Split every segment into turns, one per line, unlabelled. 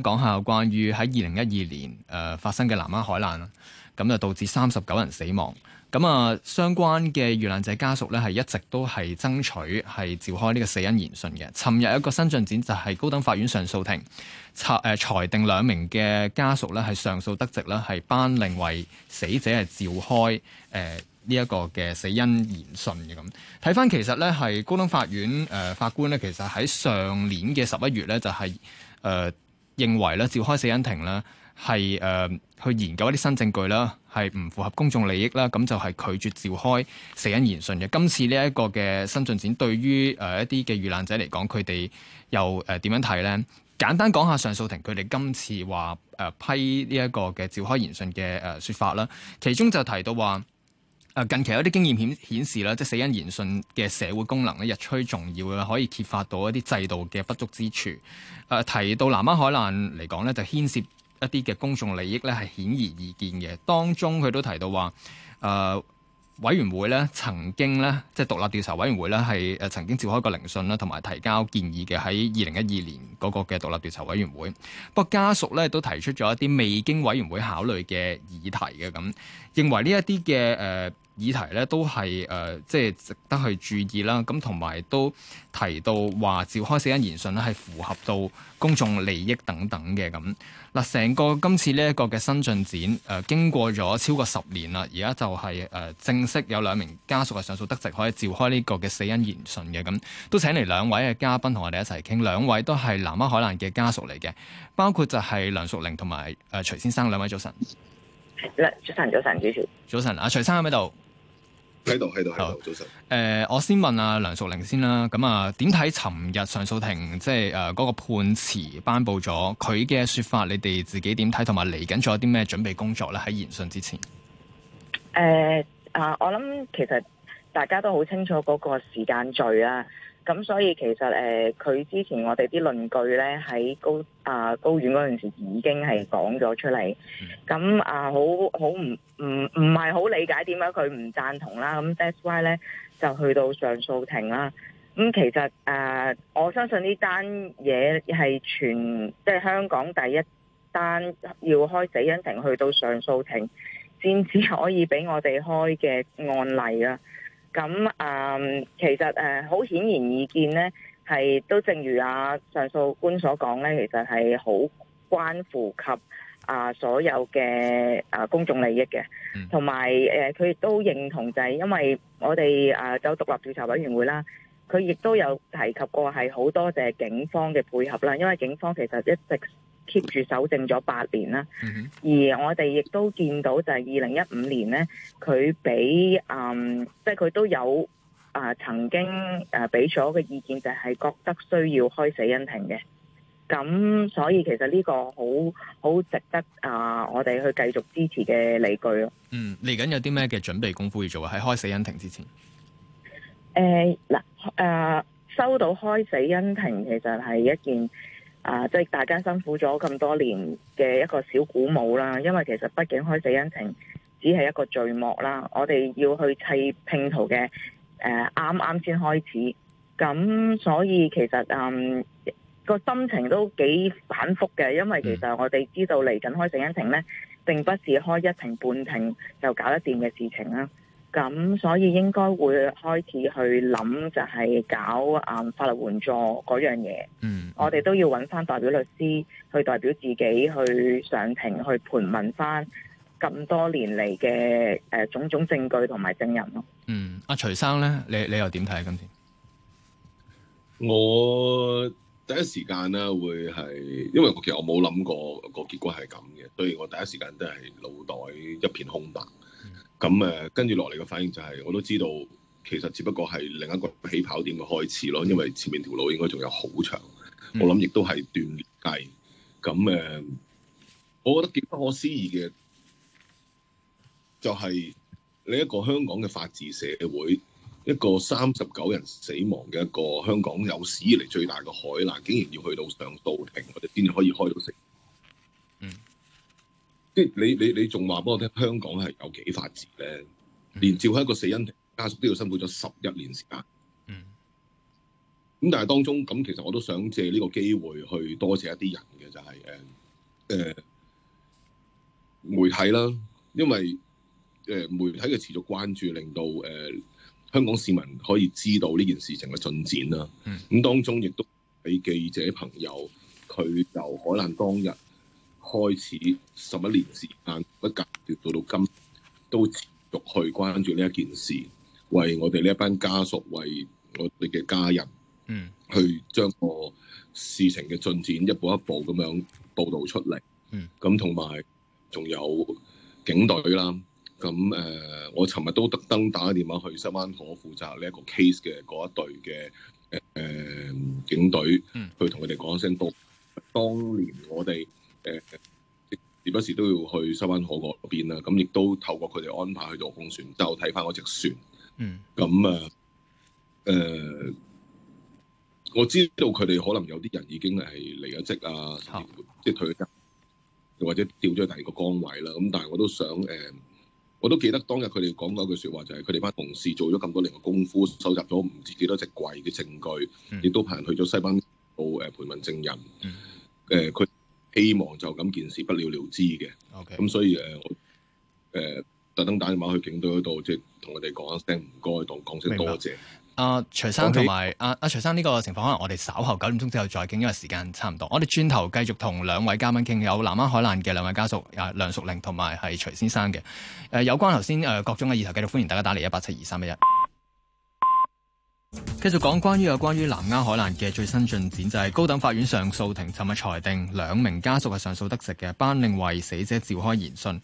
講下關於喺二零一二年誒、呃、發生嘅南丫海難啦，咁就導致三十九人死亡。咁啊，相關嘅遇難者家屬咧，係一直都係爭取係召開呢個死因研訊嘅。尋日有一個新進展就係高等法院上訴庭拆誒、呃、裁定兩名嘅家屬咧係上訴得直呢，啦，係頒令為死者係召開誒呢一個嘅死因研訊嘅。咁睇翻其實咧係高等法院誒、呃、法官咧，其實喺上年嘅十一月咧就係、是、誒。呃認為咧召開死因庭咧係誒去研究一啲新證據啦，係唔符合公眾利益啦，咁就係拒絕召開死因研訊嘅。今次呢一個嘅新進展，對於誒一啲嘅遇難者嚟講，佢哋又誒點樣睇咧？簡單講下上訴庭佢哋今次話誒批呢一個嘅召開研訊嘅誒說法啦，其中就提到話，誒近期有啲經驗顯顯示啦，即係死因研訊嘅社會功能咧日趨重要啦，可以揭發到一啲制度嘅不足之處。誒提到南丫海難嚟講咧，就牽涉一啲嘅公眾利益咧，係顯而易見嘅。當中佢都提到話，誒、呃、委員會咧曾經咧，即係獨立調查委員會咧係誒曾經召開過聆訊啦，同埋提交建議嘅喺二零一二年嗰個嘅獨立調查委員會。不過家屬咧都提出咗一啲未經委員會考慮嘅議題嘅咁，認為呢一啲嘅誒。呃議題咧都係誒、呃，即係值得去注意啦。咁同埋都提到話召開死因研訊咧，係符合到公眾利益等等嘅咁。嗱，成個今次呢一個嘅新進展誒、呃，經過咗超過十年啦，而家就係、是、誒、呃、正式有兩名家屬嘅上訴得直可以召開呢個嘅死因研訊嘅咁。都請嚟兩位嘅嘉賓同我哋一齊傾，兩位都係南丫海難嘅家屬嚟嘅，包括就係梁淑玲同埋誒徐先生，兩位早晨。兩，早
晨，早晨，
主持早晨啊，徐生喺邊度？喺度喺度，早晨。誒，我先問啊，梁淑玲先啦。咁啊，點睇尋日上訴庭即係誒嗰個判詞頒布咗佢嘅説法？你哋自己點睇？同埋嚟緊仲有啲咩準備工作咧？喺研訊之前。
誒、呃、啊！我諗其實大家都好清楚嗰個時間序啦、啊。咁所以其實誒，佢、呃、之前我哋啲論據咧喺高啊、呃、高院嗰陣時已經係講咗出嚟，咁啊好好唔唔唔係好理解點解佢唔贊同啦。咁 That's why 咧就去到上訴庭啦。咁、嗯、其實誒、呃，我相信呢單嘢係全即係、即係、香港第一單要開死因庭，去到上訴庭先至可以俾我哋開嘅案例啦。咁啊、嗯，其實誒好、呃、顯然易見咧，係都正如阿、啊、上訴官所講咧，其實係好關乎及啊、呃、所有嘅啊、呃、公眾利益嘅，同埋誒佢亦都認同就係因為我哋啊有獨立調查委員會啦，佢亦都有提及過係好多謝警方嘅配合啦，因為警方其實一直 keep 住守正咗八年啦，嗯、哼而我哋亦都見到就係二零一五年呢，佢俾、嗯、即係佢都有啊、呃、曾經誒俾咗嘅意見就係、是、覺得需要開死因庭嘅，咁所以其實呢個好好值得啊、呃、我哋去繼續支持嘅理據
咯。嗯，嚟緊有啲咩嘅準備功夫要做啊？喺開死因庭之前，
誒嗱誒收到開死因庭其實係一件。啊！即係、呃就是、大家辛苦咗咁多年嘅一個小鼓舞啦，因為其實畢竟開死因庭只係一個序幕啦，我哋要去砌拼圖嘅誒，啱啱先開始，咁所以其實嗯個心情都幾反覆嘅，因為其實我哋知道嚟緊開死因庭呢，並不是開一庭半庭就搞得掂嘅事情啦。咁所以應該會開始去諗，就係搞啊法律援助嗰樣嘢。嗯，我哋都要揾翻代表律師去代表自己去上庭去盤問翻咁多年嚟嘅誒種種證據同埋證人咯。嗯，阿、
啊、徐生咧，你你又點睇今次？
我第一時間咧會係，因為我其實我冇諗過個結果係咁嘅，所以我第一時間都係腦袋一片空白。咁誒，跟住落嚟嘅反應就係、是，我都知道，其實只不過係另一個起跑點嘅開始咯，因為前面條路應該仲有好長，嗯、我諗亦都係鍛鍊計。咁、啊、我覺得幾不可思議嘅，就係、是、你一個香港嘅法治社會，一個三十九人死亡嘅一個香港有史以嚟最大嘅海難，竟然要去到上訴庭，我哋先至可以開到聲。即係，你你你仲話俾我聽香港係有幾法治咧？連召開一個死因家屬都要辛苦咗十一年時間。嗯。咁但係當中咁，其實我都想借呢個機會去多謝一啲人嘅，就係、是、誒、呃、媒體啦，因為、呃、媒體嘅持續關注，令到、呃、香港市民可以知道呢件事情嘅進展啦。咁、嗯、當中亦都俾記者朋友，佢就可能當日。開始十一年時間，不間斷到到今都持續去關注呢一件事，為我哋呢一班家屬，為我哋嘅家人，嗯，去將個事情嘅進展一步一步咁樣報導出嚟，嗯，咁同埋仲有警隊啦，咁誒、呃，我尋日都特登打電話去西灣河，同我負責呢一個 case 嘅嗰一隊嘅誒、呃、警隊，嗯、去同佢哋講一聲，當當年我哋。誒，呃、時不時都要去西灣河嗰邊啦。咁亦都透過佢哋安排去做空船，就睇翻嗰隻船。嗯，咁啊、嗯，誒、呃，我知道佢哋可能有啲人已經係離咗職啊，即係退咗職，或者調咗去第二個崗位啦。咁但係我都想誒、呃，我都記得當日佢哋講嗰句說話就係，佢哋班同事做咗咁多年嘅功夫，收集咗唔知幾多隻櫃嘅證據，亦、嗯、都派人去咗西灣島誒，陪、呃、問證人。誒、嗯，佢、呃。希望就咁件事不了了之嘅。Ok，咁、嗯、所以誒，誒、呃、特登打電話去警隊嗰度，即係同佢哋講一聲唔該，同講聲多謝。
阿、啊、徐生同埋阿阿徐生呢、呢個情況，可能我哋稍後九點鐘之後再傾，因為時間差唔多。我哋轉頭繼續同兩位嘉賓傾，有南丫海難嘅兩位家屬，啊梁淑玲同埋係徐先生嘅。誒有關頭先誒各種嘅議題，繼續歡迎大家打嚟一八七二三一一。1, 8, 7, 2, 3, 繼續講關於有關於南丫海難嘅最新進展，就係、是、高等法院上訴庭尋日裁定，兩名家屬係上訴得直嘅，頒令為死者召開研訊。誒、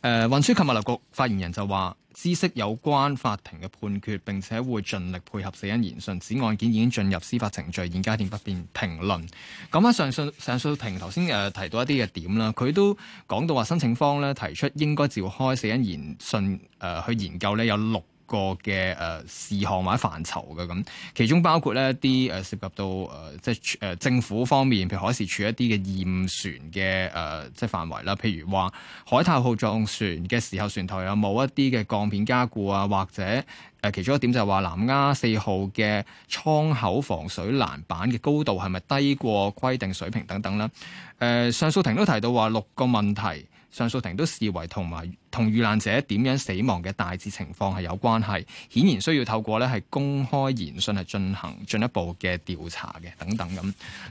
呃，運輸及物流局發言人就話，知悉有關法庭嘅判決，並且會盡力配合死因研訊。此案件已經進入司法程序，現階段不便評論。咁喺上訴上訴庭頭先誒提到一啲嘅點啦，佢都講到話，申請方咧提出應該召開死因研訊誒、呃、去研究呢有六。個嘅誒事項或者範疇嘅，咁，其中包括呢一啲誒涉及到誒即係誒政府方面，譬如海事處一啲嘅驗船嘅誒即係範圍啦，譬如話海泰號撞船嘅時候，船頭有冇一啲嘅鋼片加固啊，或者誒其中一點就係話南丫四號嘅艙口防水欄板嘅高度係咪低過規定水平等等啦。誒上訴庭都提到話六個問題。上訴庭都視為同埋同遇難者點樣死亡嘅大致情況係有關係，顯然需要透過咧係公開研訊係進行進一步嘅調查嘅等等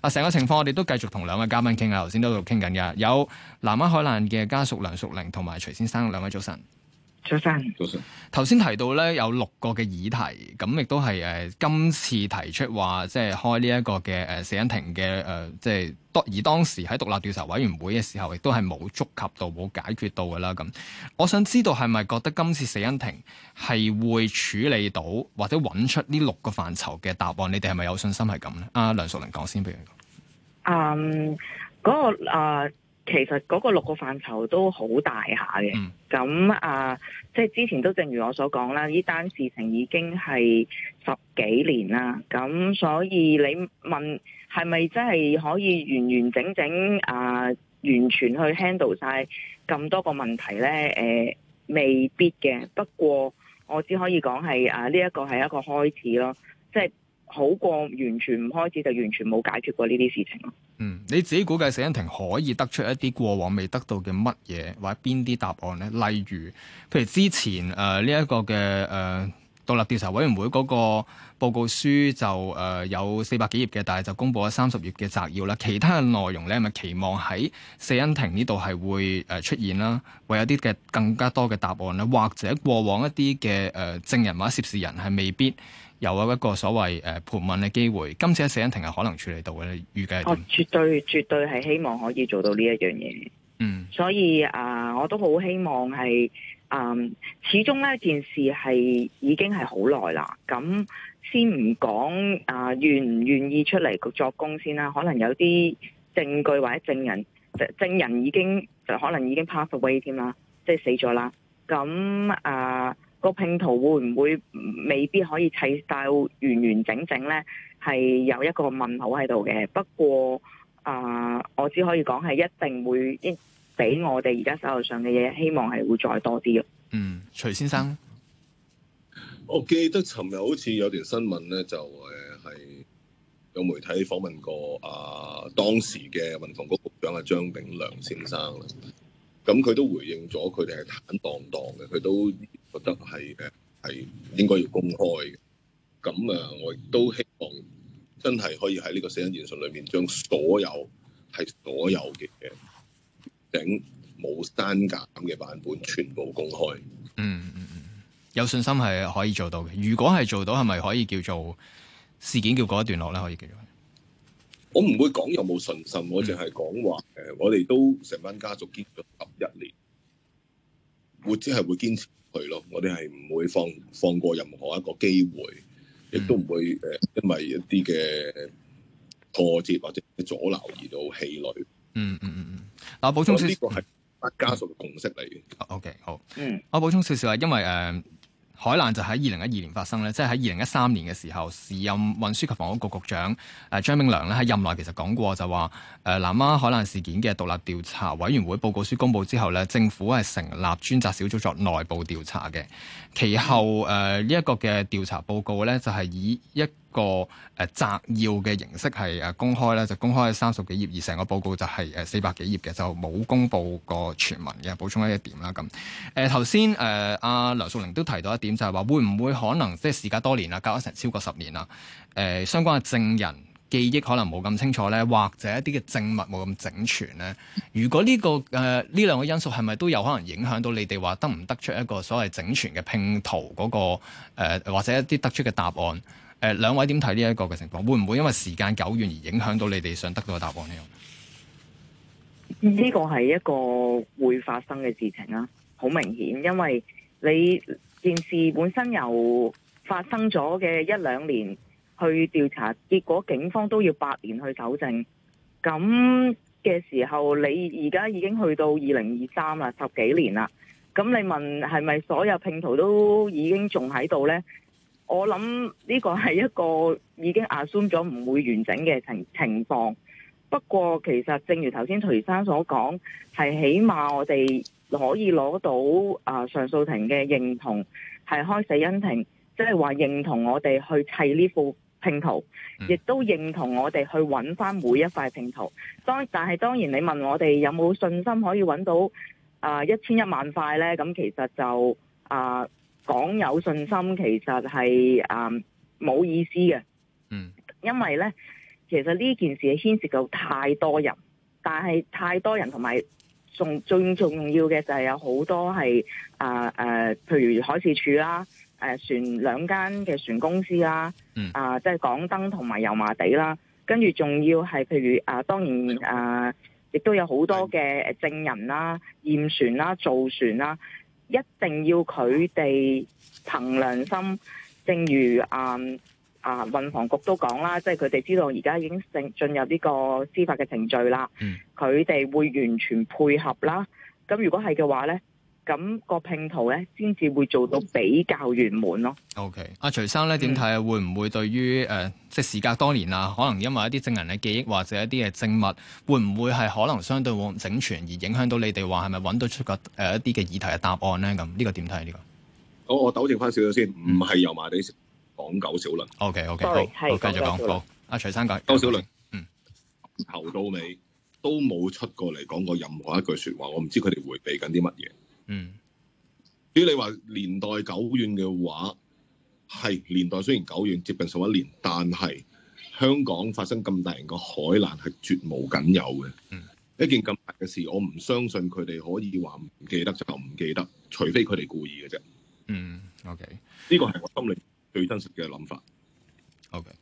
咁。成個情況我哋都繼續同兩位嘉賓傾下，頭先都喺度傾緊嘅，有南丫海難嘅家屬梁淑玲同埋徐先生，兩位早晨。早晨，早晨上。頭先提到咧有六個嘅議題，咁亦都係誒、呃、今次提出話即係開呢一個嘅誒死因庭嘅誒，即係當而當時喺獨立調查委員會嘅時候，亦都係冇觸及到，冇解決到噶啦。咁我想知道係咪覺得今次死因庭係會處理到，或者揾出呢六個範疇嘅答案？你哋係咪有信心係咁咧？阿、啊、梁淑玲先講先不如。嗯、um, 那個，嗰
個誒。其實嗰個六個範疇都好大下嘅，咁、嗯、啊，即係之前都正如我所講啦，呢單事情已經係十幾年啦，咁所以你問係咪真係可以完完整整啊完全去 handle 晒咁多個問題呢？誒、啊，未必嘅。不過我只可以講係啊，呢、這、一個係一個開始咯，即係。好過完全唔開始就完全冇解決過呢啲事情咯。嗯，
你自己估計死因庭可以得出一啲過往未得到嘅乜嘢，或者邊啲答案咧？例如，譬如之前誒呢一個嘅獨立調查委員會嗰個報告書就誒、呃、有四百幾頁嘅，但係就公佈咗三十頁嘅摘要啦。其他嘅內容咧，咪期望喺死因庭呢度係會誒出現啦，會有啲嘅更加多嘅答案啦，或者過往一啲嘅誒證人或者涉事人係未必有有一個所謂誒、呃、盤問嘅機會。今次喺死因庭係可能處理到嘅，預計哦，
絕對絕對係希望可以做到呢一樣嘢。嗯，所以啊、呃，我都好希望係。嗯，um, 始終呢件事係已經係好耐啦，咁先唔講啊，願唔願意出嚟作供先啦？可能有啲證據或者證人，證人已經就可能已經 pass away 添啦，即係死咗啦。咁啊，個、呃、拼圖會唔會未必可以砌到完完整整呢？係有一個問號喺度嘅。不過啊、呃，我只可以講係一定會俾我哋而家手頭上嘅嘢，希望係會再多啲咯。
嗯，徐先
生，我記得尋日好似有條新聞咧，就誒係有媒體訪問過啊，當時嘅運房局局長啊張炳良先生，咁佢都回應咗，佢哋係坦蕩蕩嘅，佢都覺得係誒係應該要公開嘅。咁啊，我亦都希望真係可以喺呢個死因研訊裏面，將所有係所有嘅嘢。頂冇刪減嘅版本全部公開。嗯嗯嗯，
有信心係可以做到嘅。如果係做到，係咪可以叫做事件叫過一段落咧？可以叫做？
我唔會講有冇信心，我淨係講話誒，嗯、我哋都成班家族堅咗十一年，我只係會堅持去咯。我哋係唔會放放過任何一個機會，亦都唔會誒、嗯呃，因為一啲嘅挫折或者阻撓而到氣餒。嗯
嗯嗯嗯嗯，嗱、嗯，補、嗯、充少少呢
個係家屬共識嚟嘅。O、okay, K，好。嗯，
我補充少少啊，因為誒、呃，海難就喺二零一二年發生咧，即係喺二零一三年嘅時候，時任運輸及房屋局局,局長誒張、呃、炳良咧喺任內其實講過就話，誒、呃，南丫海難事件嘅獨立調查委員會報告書公布之後咧，政府係成立專責小組作內部調查嘅，其後誒呢一個嘅調查報告咧就係、是、以一。個誒摘要嘅形式係誒公開咧，就公開三十幾頁，而成個報告就係誒四百幾頁嘅，就冇公布過全文嘅。補充一一點啦，咁誒頭先誒阿梁淑玲都提到一點就係，就係話會唔會可能即係時隔多年啦，隔咗成超過十年啦，誒、呃、相關嘅證人記憶可能冇咁清楚咧，或者一啲嘅證物冇咁整全咧。如果呢、呢個誒呢、呃、兩個因素係咪都有可能影響到你哋話得唔得出一個所謂整全嘅拼圖嗰、嗰個、呃、或者一啲得出嘅答案？誒，兩位點睇呢一個嘅情況？會唔會因為時間久遠而影響到你哋想得到嘅答案呢？
呢個係一個會發生嘅事情啊。好明顯，因為你件事本身由發生咗嘅一兩年去調查，結果警方都要八年去搜證，咁嘅時候，你而家已經去到二零二三啦，十幾年啦，咁你問係咪所有拼圖都已經仲喺度呢？我諗呢個係一個已經預算咗唔會完整嘅情情況。不過其實正如頭先徐生所講，係起碼我哋可以攞到啊、呃、上訴庭嘅認同，係開死因庭，即係話認同我哋去砌呢副拼圖，亦都認同我哋去揾翻每一塊拼圖。當但係當然，你問我哋有冇信心可以揾到啊一千一萬塊呢？咁其實就啊～、呃講有信心其實係誒冇意思嘅，嗯，因為咧，其實、呃嗯、呢其實這件事牽涉到太多人，但係太多人同埋，仲最重要嘅就係有好多係譬、呃呃、如海事處啦，誒、呃、船兩間嘅船公司啦，嗯，啊、呃，即、就、係、是、港燈同埋油麻地啦，跟住仲要係譬如啊、呃，當然啊，亦、呃、都有好多嘅證人啦、驗、呃、船啦、造船啦。一定要佢哋憑良心，正如、嗯、啊啊運房局都講啦，即係佢哋知道而家已經正進入呢個司法嘅程序啦，佢哋、嗯、會完全配合啦。噉如果係嘅話呢？咁個拼圖咧，先至會
做到比較圓滿咯。O K.，阿徐生咧點睇啊？會唔會對於誒、嗯呃、即係時隔多年啊，可能因為一啲證人嘅記憶或者一啲嘅證物，會唔會係可能相對會整全，而影響到你哋話係咪揾到出個誒一啲嘅議題嘅答案咧？咁呢個點睇呢個？
好，我糾正翻少少先，唔係油麻地講狗小輪。
O K. O K. 好，繼續、啊、講。好，阿徐生講，
多小輪，嗯，頭到尾都冇出過嚟講過任何一句説話。我唔知佢哋回避緊啲乜嘢。嗯，至於你話年代久遠嘅話，係年代雖然久遠，接近十一年，但係香港發生咁大型嘅海難係絕無僅有嘅。嗯，一件咁大嘅事，我唔相信佢哋可以話唔記得就唔記得，除非佢哋故意嘅啫。嗯，OK，呢個係我心裏最真實嘅諗法。
OK，誒、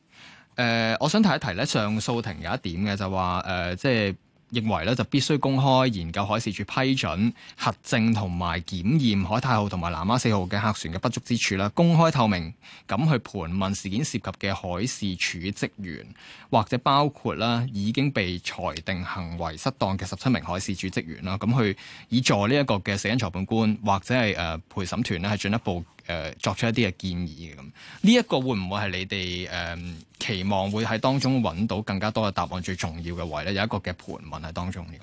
呃，我想提一提咧，上訴庭有一點嘅就話，誒、呃，即係。認為咧就必須公開研究海事處批准核證同埋檢驗海太號同埋南丫四號嘅客船嘅不足之處啦，公開透明咁去盤問事件涉及嘅海事處職員，或者包括啦已經被裁定行為失當嘅十七名海事處職員啦，咁去以助呢一個嘅死因裁判官或者係誒陪審團咧，係進一步。誒，作出一啲嘅建議嘅。咁，呢、這、一個會唔會係你哋誒、呃、期望會喺當中揾到更加多嘅答案？最重要嘅位咧，有一個嘅盤問喺當中。呢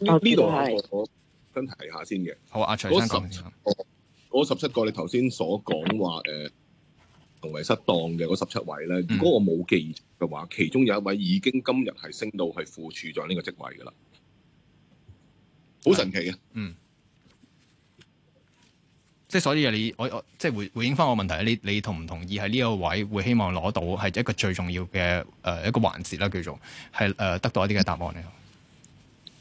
度、哦、是我想提下先嘅。
好，阿徐生講先。
我我十七個你頭先所講話誒行、呃、為失當嘅嗰十七位咧，嗯、如果我冇記嘅話，其中有一位已經今日係升到係副處長呢個職位嘅啦，
好神奇嘅。嗯。即係所以你我我即係回回應翻我問題，你你同唔同意喺呢一個位會希望攞到係一個最重要嘅誒、呃、一個環節啦，叫做係誒、呃、得到一啲嘅答案咧。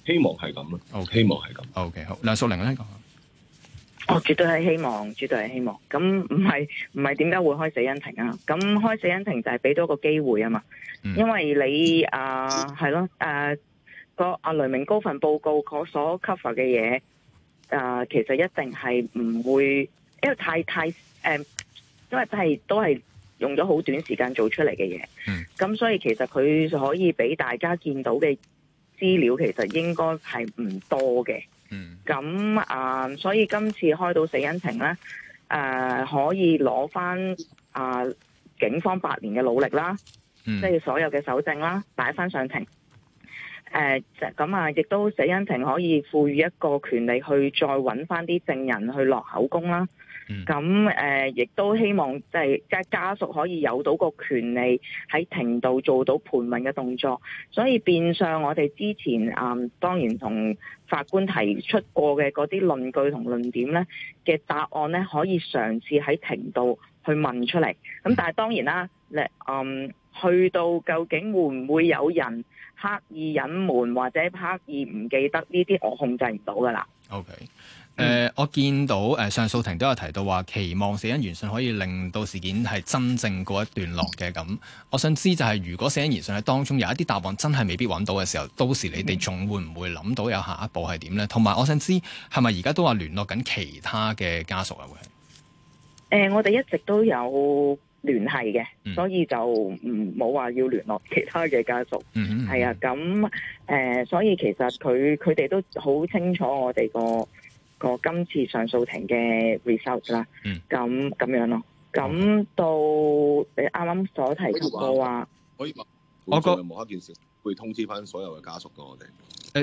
希望係咁咯，好 Okay, 希望係咁。O、okay, K，好，梁淑玲咧講，
我、哦、絕對係希望，絕對係希望。咁唔係唔係點解會開死因庭啊？咁開死因庭就係俾多個機會啊嘛，嗯、因為你啊係咯誒個阿雷明高份報告嗰所 cover 嘅嘢。誒、呃，其實一定係唔會，因為太太誒，因、呃、為都係都係用咗好短時間做出嚟嘅嘢。嗯，咁所以其實佢可以俾大家見到嘅資料，其實應該係唔多嘅。嗯，咁啊、呃，所以今次開到死因庭咧，誒、呃，可以攞翻啊警方八年嘅努力啦，即係、嗯、所有嘅搜證啦，擺翻上庭。誒，咁啊、嗯，亦都死因庭可以賦予一個權利去再揾翻啲證人去落口供啦。咁誒，亦都希望即係即係家屬可以有到個權利喺庭度做到盤問嘅動作。所以變相我哋之前啊、嗯，當然同法官提出過嘅嗰啲論據同論點呢，嘅答案呢，可以嘗試喺庭度去問出嚟。咁但係當然啦，咧嗯。去到究竟會唔會有人刻意隱瞞或者刻意唔記得呢啲？這些我控制唔到噶啦。
OK，誒、嗯呃，我見到、呃、上訴庭都有提到話，期望死因研訊可以令到事件係真正過一段落嘅咁、嗯。我想知就係如果死因研訊喺當中有一啲答案真係未必揾到嘅時候，嗯、到時你哋仲會唔會諗到有下一步係點呢？同埋我想知係咪而家都話聯絡緊其他嘅家屬啊？會、
呃、我哋一直都有。聯繫嘅，所以就唔冇話要聯絡其他嘅家屬。嗯係、嗯嗯、啊，咁誒、呃，所以其實佢佢哋都好清楚我哋個個今次上訴庭嘅 result 啦。嗯，咁咁樣咯。咁到你啱啱所提及嘅話，
可以我覺冇一件事會通知翻所有嘅家屬嘅我哋。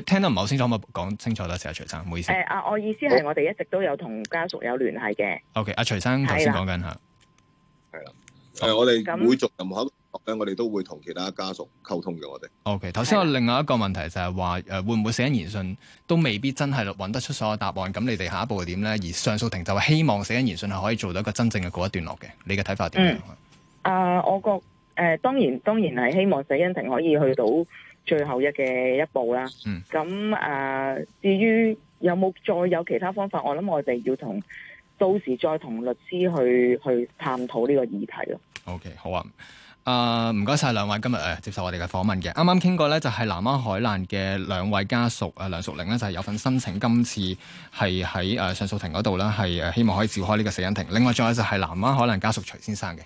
誒，
聽得唔係好清楚，可唔可講清楚多謝阿徐生，唔好意思。誒
啊、呃，我意思係我哋一直都有同家屬有聯繫嘅。
O K，阿徐生頭先講緊嚇，係啦。係、嗯嗯、我哋會逐任何咧，我哋都會同其
他家屬溝通嘅。我哋
O K，頭先我另外一個問題就係話，誒會唔會死因研訊都未必真係揾得出所有答案？咁你哋下一步係點咧？而上訴庭就希望死因研訊係可以做到一個真正嘅告一段落嘅。你嘅睇法點樣？誒、嗯
呃，我覺誒、呃，當然當然係希望死因庭可以去到最後一嘅一步啦。咁誒、嗯嗯呃，至於有冇再有其他方法，我諗我哋要同。到時
再同律師去去探討呢個議題咯。OK，好啊。誒、呃，唔該晒兩位今日誒、呃、接受我哋嘅訪問嘅。啱啱傾過咧，就係、是、南丫海難嘅兩位家屬誒、呃、梁淑玲咧，就係、是、有份申請今次係喺誒上訴庭嗰度咧，係誒、呃、希望可以召開呢個死因庭。另外仲有就係南丫海難家屬徐先生嘅。